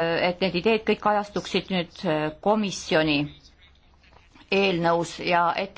et need ideed kõik kajastuksid nüüd äh, komisjoni eelnõus ja et